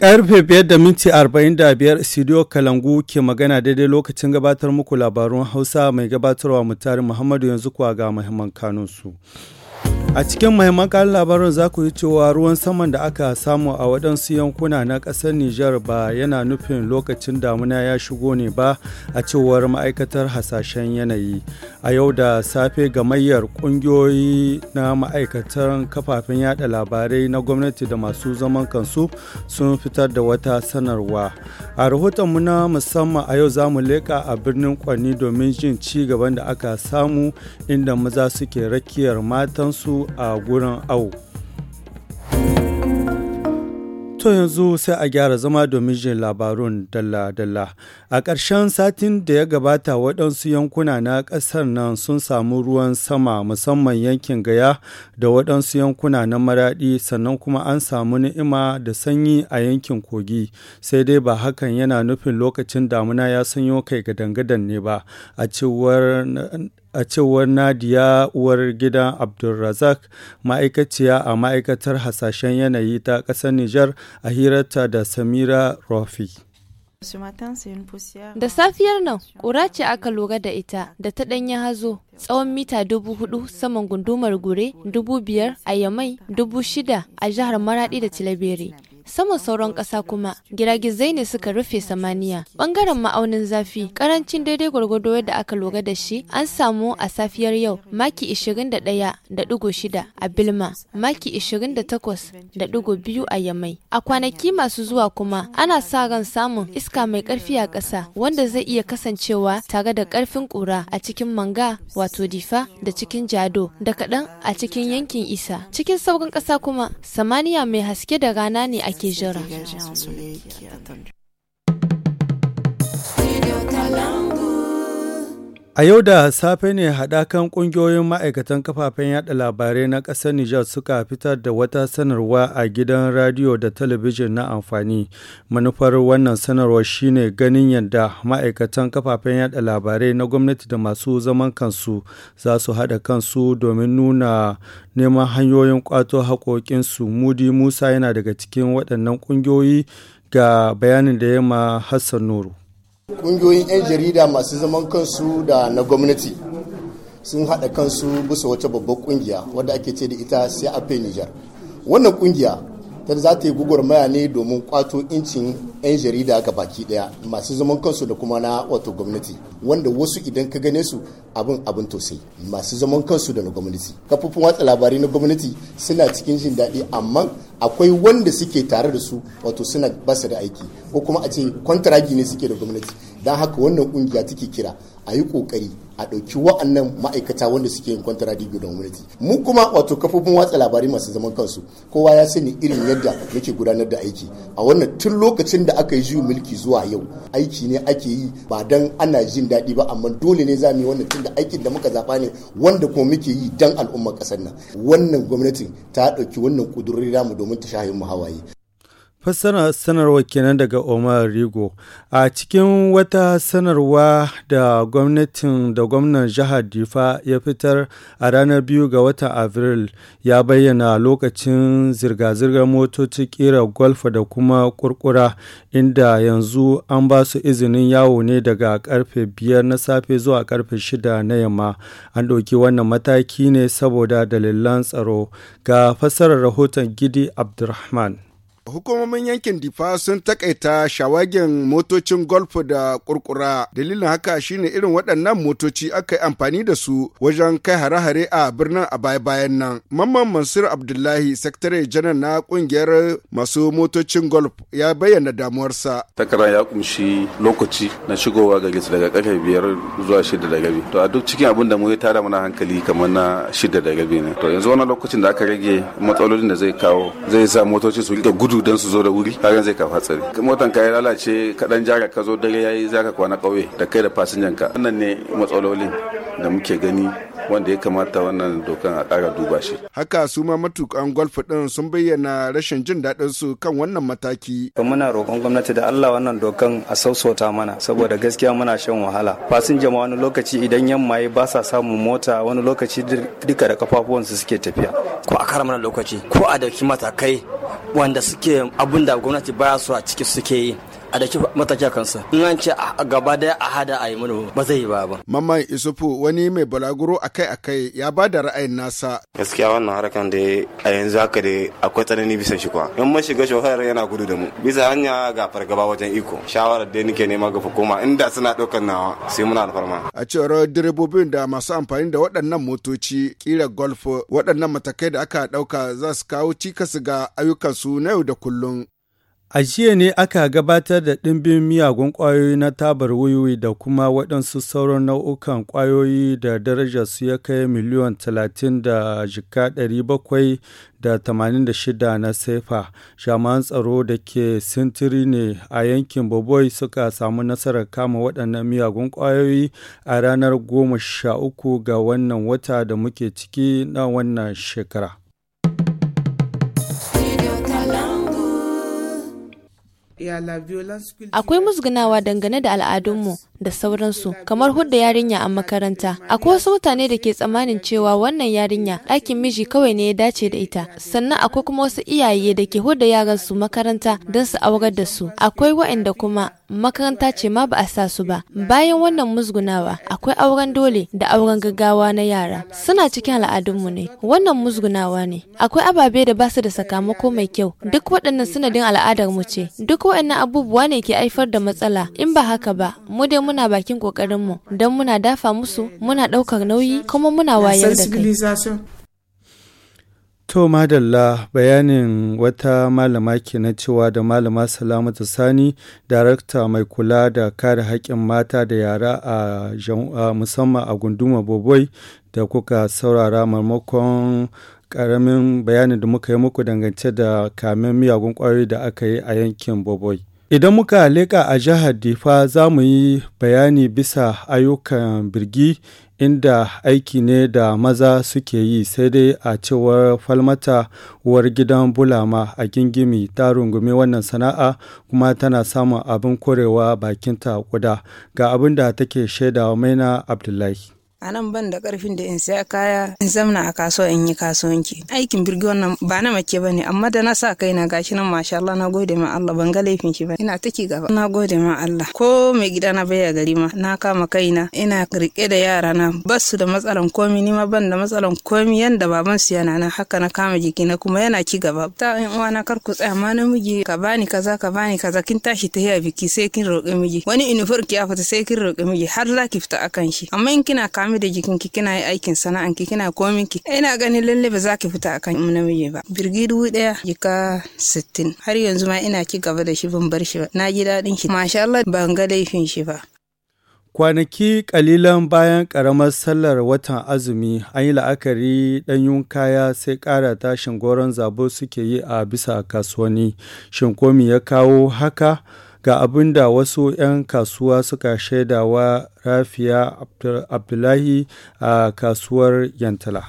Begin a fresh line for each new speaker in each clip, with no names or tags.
Karfe biyar da minti arba'in da biyar Studio Kalangu ke magana daidai lokacin gabatar muku labarun Hausa mai gabatarwa mutari Muhammadu yanzu kuwa ga muhimman kanunsu. su. A cikin mahimman kalin labarin za ku yi cewa ruwan saman da aka samu a waɗansu yankuna na ƙasar Nijar ba yana nufin lokacin damuna ya shigo ne ba a cewar ma'aikatar hasashen yanayi. A yau da safe gamayyar ƙungiyoyi na ma'aikatar kafafen yada labarai na gwamnati da masu zaman kansu sun fitar da wata sanarwa. A rahoton mu na musamman a yau za mu leƙa a birnin Kwani domin jin ci gaban da aka samu inda maza suke rakiyar matansu a gurin awo. To yanzu sai a gyara zama domin jin labarun dalla-dalla. A ƙarshen satin da ya gabata waɗansu yankuna na ƙasar nan sun samu ruwan sama musamman yankin gaya da waɗansu yankuna na maraɗi sannan kuma an samu ni'ima da sanyi a yankin kogi. Sai dai ba hakan yana nufin lokacin damuna ya sanyo kai ga dangadan ne ba. A cewar a cewar Nadia uwar gidan Abdulrazak ma'aikaciya a ma'aikatar hasashen yanayi ta ƙasar Nijar a hirarta da Samira rofi
Da safiyar nan, ƙura ce aka lura da ita da ta ɗanyen hazo tsawon mita dubu hudu saman gundumar gure dubu biyar a yamai dubu shida a jihar maradi da tilabere saman sauran ƙasa kuma giragizai ne suka rufe samaniya. Ɓangaren ma'aunin zafi, ƙarancin daidai gwargwado yadda aka lura da shi an samu a safiyar yau maki 21.6 a Bilma, maki 28.2 a Yamai. A kwanaki masu zuwa kuma ana sa ran samun iska mai ƙarfi a ƙasa wanda zai iya kasancewa tare da ƙarfin ƙura a cikin manga wato difa da cikin jado da kaɗan a cikin yankin isa. Cikin sauran ƙasa kuma samaniya mai haske da rana ne a qui s'est dégagé un soleil qui a attendu.
A yau da safe ne haɗakan ƙungiyoyin ma'aikatan kafafen yada labarai na ƙasar Nijar suka fitar da wata sanarwa a gidan radiyo da talabijin na amfani. Manufar wannan sanarwar shine ganin yadda ma'aikatan kafafen yada labarai na gwamnati da masu zaman kansu za su haɗa kansu domin nuna neman hanyoyin ƙwato haƙoƙinsu. Mudi Musa yana daga cikin waɗannan ƙungiyoyi ga bayanin da ma Hassan Nuru.
kungiyoyin 'yan jarida masu zaman kansu da na gwamnati sun haɗa kansu bisa wata babbar kungiya wadda ake ce da ita sai a Nijar. Wannan kungiya. ta za ta yi gugurmaya ne domin kwato incin 'yan jarida ga baki daya masu zaman kansu da kuma na wato gwamnati wanda wasu idan ka gane su abin abin tosai masu zaman kansu da na gwamnati kafofin watsa labarai na gwamnati suna cikin jin daɗi amma akwai wanda suke tare da su wato suna basa da aiki ko kuma a ce kwantaragi ne suke da gwamnati don haka wannan kungiya take kira a yi kokari a ɗauki wa'annan ma'aikata wanda suke yin kwantara da gwamnati mu kuma wato kafofin watsa labarai masu zaman kansu kowa ya sani irin yadda muke gudanar da aiki a wannan tun lokacin da aka yi juyin mulki zuwa yau aiki ne ake yi ba dan ana jin daɗi ba amma dole ne zamu yi wannan tun da aikin da muka zaɓa ne wanda kuma muke yi dan al'ummar ƙasar nan wannan gwamnatin ta ɗauki wannan ƙudurin namu domin ta shahin mu hawaye
Fassara sanarwar kenan daga Omar Rigo a cikin wata sanarwa da gwamnatin da gwamnan jihar Difa ya fitar a ranar biyu ga watan Afril ya bayyana lokacin zirga-zirgar motoci kira golf da kuma kurkura inda yanzu an ba su izinin yawo ne daga karfe biyar na safe zuwa karfe shida na yamma an ɗauki wannan mataki ne saboda dalilan tsaro ga fassarar rahoton Gidi Abdurrahman.
hukumomin yankin difa sun takaita shawagin motocin golf da kurkura dalilin haka shine irin waɗannan motoci aka yi amfani da su wajen kai hare-hare a birnin a baya-bayan nan mamman mansur abdullahi sakatare janar na ƙungiyar masu motocin golf ya bayyana damuwarsa takara ya kumshi lokaci na shigowa daga karfe biyar zuwa shida da gabi to a duk cikin abin da mu ya tara mana hankali kamar na shida da gabi ne to yanzu wani lokacin da aka rage matsalolin da zai kawo zai sa motoci su rike gudu gudu don su zo da wuri kagan zai kafa tsari motan ka ya lalace kaɗan jara ka zo dare yayi zaka kwana kauye da kai da fasinjan ka wannan ne matsalolin da muke gani wanda ya kamata wannan dokan a ƙara duba shi. Haka su ma matukan golf ɗin sun bayyana rashin jin daɗin su kan wannan mataki.
Muna roƙon gwamnati da Allah wannan dokan a sausauta mana saboda gaskiya muna shan wahala. Fasinja ma wani lokaci idan yamma ya ba sa samun mota wani lokaci duka da su suke tafiya. Ko a kara mana lokaci
ko a dauki matakai wanda suke abun da gwamnati baya so a ciki suke yi a daki mataki a kansa in an ce gaba daya a hada a yi mana ba zai yi ba ba
mamman isufu wani mai balaguro akai akai ya ba da ra'ayin nasa
gaskiya wannan harkan da a yanzu haka da akwai tsanani bisa shi kuwa in mun shiga shofar yana gudu da mu bisa hanya ga fargaba wajen iko shawarar da nake nema ga hukuma inda suna ɗaukar nawa sai muna alfarma
a cewar direbobin da masu amfani da waɗannan motoci kira golf waɗannan matakai da aka ɗauka za su kawo cikas ga ayyukansu na yau da kullum
A jiya ne aka gabatar da ɗimbin miyagun ƙwayoyi na tabar wiwi da kuma waɗansu sauran nau'ukan ƙwayoyi da su ya kai miliyan 30 da jika 786 na Saifa, Jami'an tsaro da ke sintiri ne a yankin Boboi suka samu nasarar kama waɗannan miyagun ƙwayoyi a ranar goma sha uku ga wannan wata da muke ciki na wannan shekara.
Akwai musgunawa dangane da al'adunmu da sauransu, kamar hudda yarinya a makaranta. Akwai wasu mutane da ke tsammanin cewa wannan yarinya ɗakin miji kawai ne ya dace da ita. Sannan akwai kuma wasu iyaye da ke hudda yaransu makaranta don su aurar da su. Akwai wa'inda kuma makaranta ce ma ba a sa su ba. Bayan wannan musgunawa, akwai auren dole da auren gaggawa na yara. Suna cikin al'adunmu ne. Wannan musgunawa ne. Akwai ababe da ba su da sakamako mai kyau. Duk waɗannan sanadin al'adarmu ce. Duk waɗannan abubuwa ne ke haifar da matsala in ba haka ba mu dai muna bakin kokarin mu don muna dafa musu muna ɗaukar nauyi kuma muna wayar da kai
To madalla bayanin wata malama ke na cewa da malama salamatu sani darakta mai kula da kare haƙƙin mata da yara a musamman a gunduma boboi da kuka saurara maimakon ƙaramin bayanin da muka yi muku dangance da kamen miyagun ƙwayoyi da aka yi a yankin Boboi. Idan muka leƙa a jihar Difa za mu yi bayani bisa ayyukan birgi inda aiki ne da maza suke yi sai dai a cewar falmata uwar gidan bulama a gingimi ta rungumi wannan sana'a kuma tana samun abin korewa bakinta kuda ga abin da take shaidawa maina abdullahi
a nan ban da karfin da in saya kaya in zamna a kasuwa in yi kasuwanci aikin birgi wannan ba na make ba ne amma da na sa kai na gashi nan masha Allah na gode ma Allah ban ga laifin shi ba ina taki gaba na gode ma Allah ko mai gida na baya gari ma na kama kaina ina rike da yara na basu da matsalan komi ni ma ban da matsalan komi yanda baban su yana na. haka na kama jiki na kuma yana ci gaba ta in uwa na kar ku tsaya ma namiji ka bani kaza ka bani kaza kin tashi ta a biki sai kin roƙi miji wani uniform ki ya fita sai kin roƙi miji har za ki fita akan shi amma in kina kama dami da ki kina yi aikin sana'anki kina komin ki ina ganin lalle ba za ki fita akan namiji ba birgi dubu daya jika sittin har yanzu ma ina ci gaba da shi ban bar shi ba na ji daɗin shi masha Allah ban ga laifin shi ba
kwanaki kalilan bayan karamar sallar watan azumi an yi la'akari ɗanyun kaya sai ƙara tashin goron zabo suke yi a bisa kasuwanni shin komi ya kawo haka Ga abin da wasu 'yan kasuwa suka shaida wa Rafiya Abdullahi a kasuwar Yantala.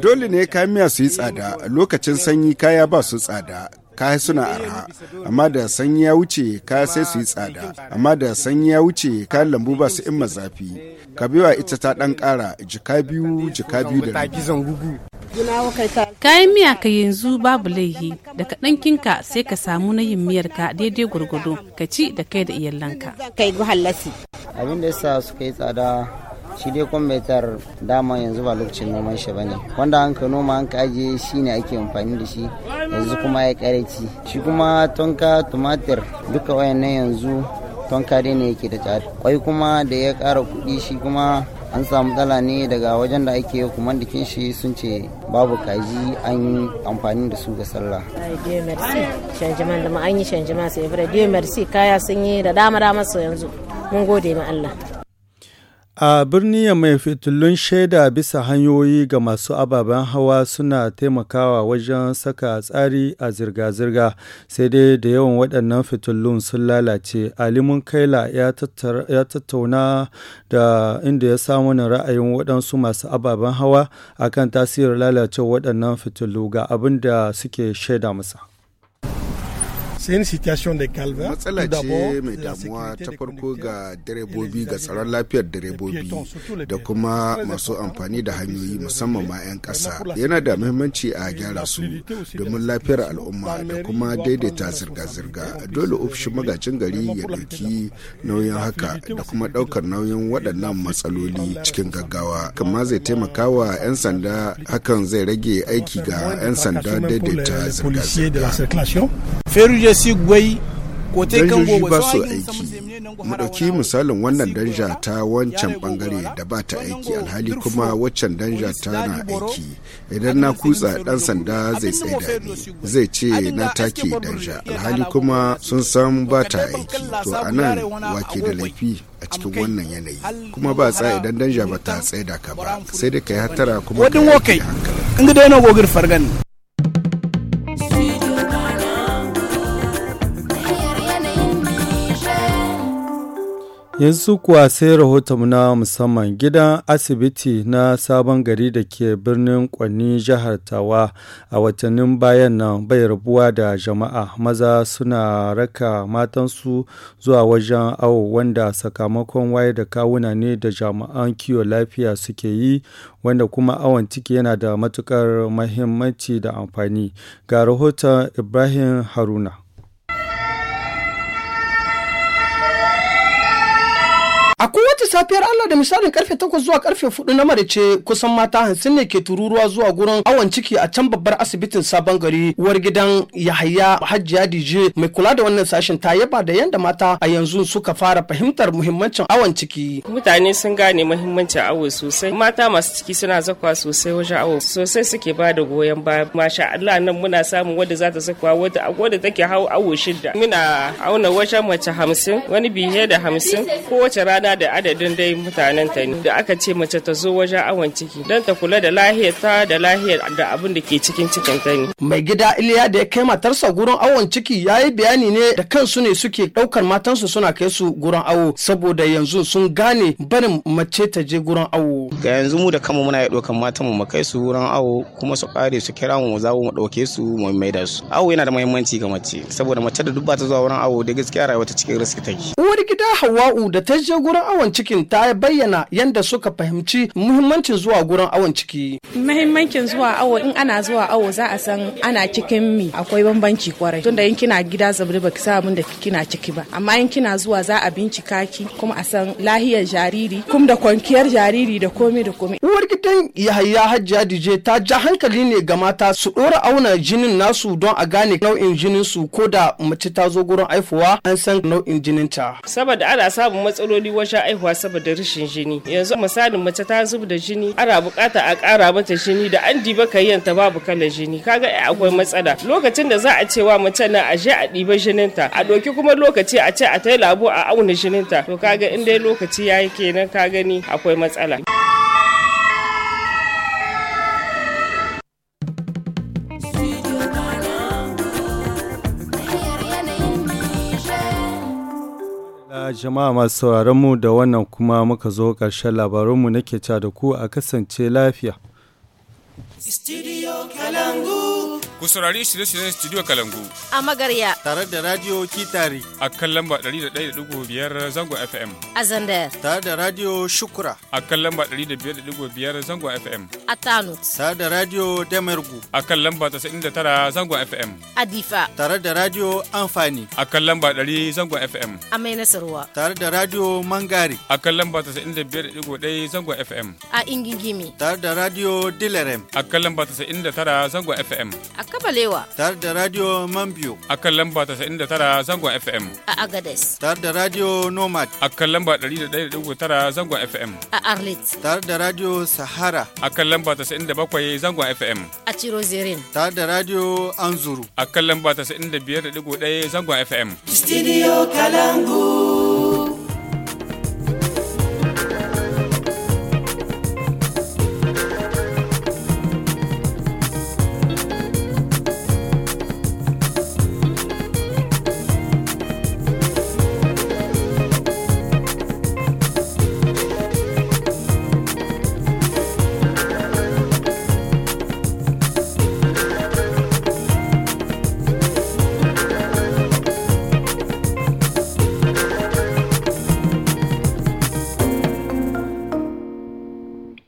Dole ne miya su yi tsada, lokacin sanyi kaya ba su tsada, kaya suna arha amma da sanyi ya wuce kaya sai su yi tsada amma da sanyi ya wuce kayan lambu ba su imma zafi kabewa ita ta dan kara jika biyu jika biyu da
Kayan miya ka yanzu babu laihi da ka ɗankinka sai ka samu na yin miyar ka daidai gwargwado ka ci da kai da iyalanka.
Abin da yasa suka yi tsada
shi dai kwamfutar dama yanzu ba lokacin noman shi bane wanda an ka noma an ka ajiye shi ne ake amfani da shi yanzu kuma ya kareci shi kuma tonka tumatir duka wayannan yanzu tonka dai ne yake da tsari kwai kuma da ya kara kuɗi shi kuma an samu tsala ne daga wajen da ake kuma dikin shi sun ce babu kaji an yi amfani da su ga sallah
shanjiman da ma an yi shanjiman sai fara dieu merci kaya sun yi da dama dama su yanzu mun gode ma Allah
A birniya mai fitilun shaida bisa hanyoyi ga masu ababen hawa suna taimakawa wajen saka tsari a zirga-zirga, sai dai da yawan waɗannan fitilun sun lalace. Alimun Kaila ya tattauna da inda ya samu ra'ayin waɗansu masu ababen hawa akan tasirin lalacewar waɗannan fitilu ga abin da suke shaida masa.
c'est situation de calvaire. Matsala ce mai damuwa ta farko ga direbobi ga
tsaron lafiyar direbobi
da kuma masu amfani da hanyoyi musamman ma 'yan ƙasa. Yana da muhimmanci a gyara su domin lafiyar al'umma da kuma daidaita zirga-zirga. Dole euh, ofishin magajin gari ya ɗauki nauyin haka da kuma ɗaukar nauyin waɗannan matsaloli cikin gaggawa. Kamar zai taimaka wa 'yan sanda hakan zai rage aiki ga 'yan sanda daidaita zirga-zirga. si gwai danjoji ba su aiki mu ɗauki misalin wannan danja ta wancan bangare da ba ta aiki alhali kuma waccan danja ta na aiki idan na kutsa ɗan sanda zai da ni zai ce na take danja alhali kuma sun san ba ta aiki to a nan wake da laifi a cikin wannan yanayi kuma ba tsa idan danja ba ta da ka ba sai dai ka yi hatara kuma ka yi hankali.
Yanzu kuwa sai rahotonmu na musamman gidan asibiti na sabon gari da ke birnin Kwanni jihar Tawa a watannin bayan nan bai rabuwa da jama'a maza suna raka matansu zuwa wajen awo wanda sakamakon waye da kawuna ne da jama'an kiwo lafiya suke yi wanda kuma awon ciki yana da matukar mahimmanci da amfani ga rahoton Ibrahim Haruna.
A kowace safiyar Allah da misalin karfe 8 zuwa karfe 4 na marice kusan mata hansin ne ke tururuwa zuwa gurin awon ciki a can babbar asibitin sabon gari uwar gidan Yahaya Hajiya Dije mai kula da wannan sashen ta yaba da yanda mata a yanzu suka fara fahimtar muhimmancin awon ciki.
Mutane sun gane muhimmancin awo sosai. Mata masu ciki suna zakwa sosai wajen awo sosai suke ba da goyon baya. Masha Allah nan muna samun wadda za ta zakwa wadda wadda take hau awo shida Muna auna wajen mace hamsin wani biye da hamsin kowace rana ta da adadin dai mutanen ta ne da aka ce mace ta zo wajen awon ciki don ta kula da lahiyar ta da lahiyar da abin da ke cikin cikin ta ne.
Mai gida Iliya da ya kai matarsa gurin awon ciki ya yi bayani ne da kansu ne suke ɗaukar matansu suna kai su gurin awo saboda yanzu sun gane barin mace ta je gurin awo. Ga yanzu mu da kanmu muna iya ɗaukar matan mu kai su gurin awo kuma su ƙare su kira mu za mu ɗauke su mu mai da su. Awo yana da muhimmanci ga mace saboda mace da duk ba ta zuwa wurin awo da gaskiya rayuwa ta
cikin riski take.
Uwar gida Hawwa'u da ta je gurin sakamakon awon cikin ta bayyana yadda suka fahimci muhimmancin zuwa gurin awon ciki.
Muhimmancin zuwa awo in ana zuwa awo za a san ana cikin mi akwai bambanci kwarai tunda in kina gida zabri baki sa abin da kina ciki ba amma in kina zuwa za a bincika ki kuma a san lahiyar jariri kuma da kwankiyar jariri
da komai da komai. Uwar gidan Yahaya Hajjia Dije ta ja hankali ne ga mata su dora auna jinin nasu don a gane nau'in jinin su ko da mace ta zo gurin aifuwa an san nau'in jinin ta.
Saboda ana samun matsaloli sha aihuwa saboda rashin jini yanzu misalin mace ta zub da jini ana bukata a kara mata jini da an diba kayyanta babu kalar jini kaga eh, akwai matsala lokacin da za a ce wa mace na a je a diba ta a ɗauki kuma lokaci a ce a tai labo a auna jininta to kaga in dai lokaci yayi kenan ka gani akwai matsala.
jama'a masu sauraron mu da wannan kuma muka zo ƙarshen labarunmu nake ca da ku a kasance lafiya. Studio
Kalangu. Ku saurari shirye-shiryen Studio Kalangu.
A Magarya. Tare da Radio Kitari. A kan
lamba 101.5 Zango FM.
A zandar Tare da Radio Shukura.
A kan lamba 105.5 Zango FM.
A Tanut. Tare da Radio Damergu.
A kan lamba 99 Zango FM. A Difa. Tare
da Radio Amfani.
A kan lamba 100 Zango FM.
A Mai Nasarwa.
Tare
da Radio
Mangari. A kan lamba 95.1 Zango FM.
A Ingigimi.
Tare da Radio Dilerem. A kan lamba 99 Zango FM.
A Kabalewa.
Tare da Radio Mambio. A kan lamba 99 zangon FM.
A Agades.
Tare da Radio Nomad. A kan lamba 101.9 zangon FM.
A Arlit.
Tare da Radio Sahara.
A kan lamba 97 zangon FM.
A zirin. Tare da Radio Anzuru.
A kan lamba 95.1 zangon FM. Studio
Kalangu.